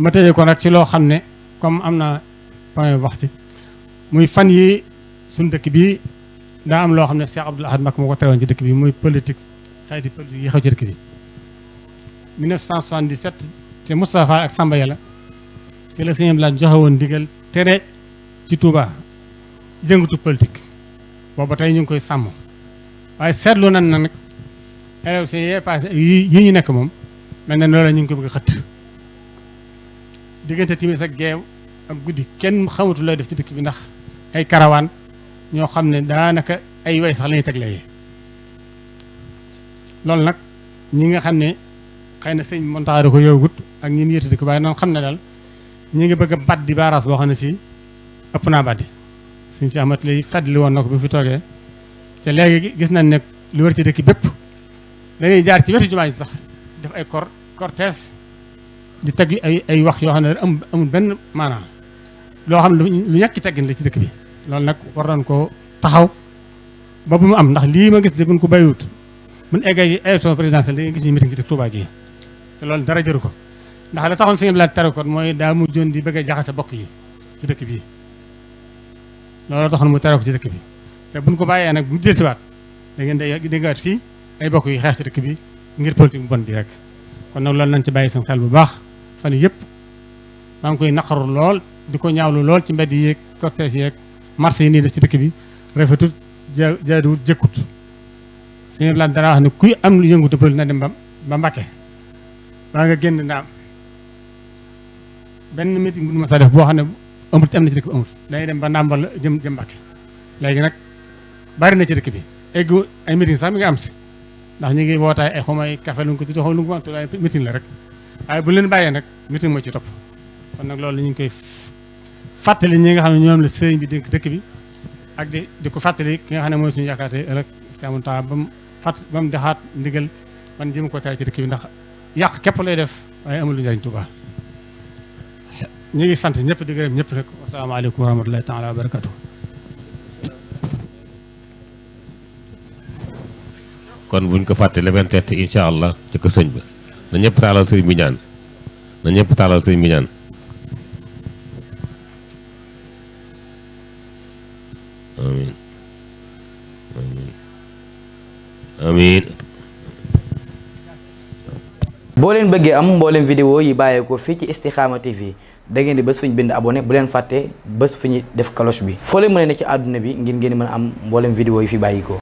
ma tëjee kon rek ci loo xam ne comme am na point waxtu muy fan yi suñ dëkk bi daa am loo xam ne Cheikh Abdoul Ahad Mbacké moo ko terewoon ci dëkk bi muy politique xeeti politique yi xew ci dëkk bi 1977 te Moustapha ak Samba Yàlla ci la sëñ Abdoul Ahad joxe woon ndigal tere ci Touba jëngatu politik booba tey ñu ngi koy sàmm waaye seetlu nan na nag élection yee passé yi ñu nekk moom mel na loola ñu ngi ko bëgg a xëtt diggante timis sa geew ak guddi kenn xamatu looy def ci dëkk bi ndax ay karawaan ñoo xam ne daanaka ay way sax lañuy ñuy teglee loolu nag ñi nga xam ne xëy na sëñ montaxari ko gudd ak ñun yëti dëkk waaye noonu xam ne daal ñi ngi bëgg a bat di baaraas boo xam ne si ëpp naa bat di suñ si amat lay fàttali woon na ko bi fi toogee te léegi gis nañ ne lu wër ci dëkk bépp dañuy jaar ci wetu jumaa ji sax def ay kor cortège di teg ay ay wax yoo xam ne amul benn maanaam loo xam ne lu ñàkki teggin la ci dëkk bi loolu nag war nañ ko taxaw ba bu mu am ndax lii ma gis de buñ ko bàyyiwut mun eggee élection présidentielle da nga gis ñu meeting ci dëkk Touba jëru ko ndax la taxoon sëñ bi laaj tere ko mooy daa di bëgg a jaxase bokk yi ci dëkk bi loolu taxoon mu tere ko ci dëkk bi te buñ ko bàyyee nag bu jël siwaat da ngeen day da nga fii ay bokk yi xeex ci dëkk bi ngir politique bu bon bi rek kon nag loolu nañ ci bàyyi seen xel bu baax fan yëpp maa ngi koy naqaru lool di ko ñaawlu lool ci mbedd yeeg cortège yeeg marché yi nii def ci dëkk bi rafetut ja jaaduwut jëkkut sëñ Blanc dana wax ne kuy am lu yëngu dëppal na dem ba ba Mbàkke baa nga génn ndaam benn meeting bu ma sa def boo xam ne amut am na ci dëkk bi amut dañuy dem ba ndaam wala jëm jëm Mbàkke léegi nag bari na ci dëkk bi eggu ay meeting sax mi nga am si ndax ñu ngi wootaay ay xomay café lu ko tudd xaw lu ko am meeting la rek waaye bu leen bàyyee nag meeting moo ci topp kon nag loolu ñu ngi koy fàttali ñi nga xam ne ñoom la sëriñ bi dénk dëkk bi ak di di ko fàttali ki nga xam ne mooy suñu yaakaar tey ëllëg ba mu fàtt ba mu dexaat jëm ko tere ci dëkk bi ndax yàq képp lay def waaye amul lu ñu ngi sant ñëpp di ñëpp rek wasalaamaaleykum wa rahmatulahi taala wa buñ ko fàtte le 27 incha sëñ ba ñëpp taalal sëriñ bi ñaan na ñëpp taalal sëñ bi boo leen bëggee am mbooleem vidéo yi bàyyeekoo fii ci Istikhama TV da ngeen di bés fu ñu bind abonné bu leen fàttee bés fu ñu def cloche bi foo leen mën ne ci àdduna bi ngir ngeen mën am mbooleem vidéo yi fi bàyyikoo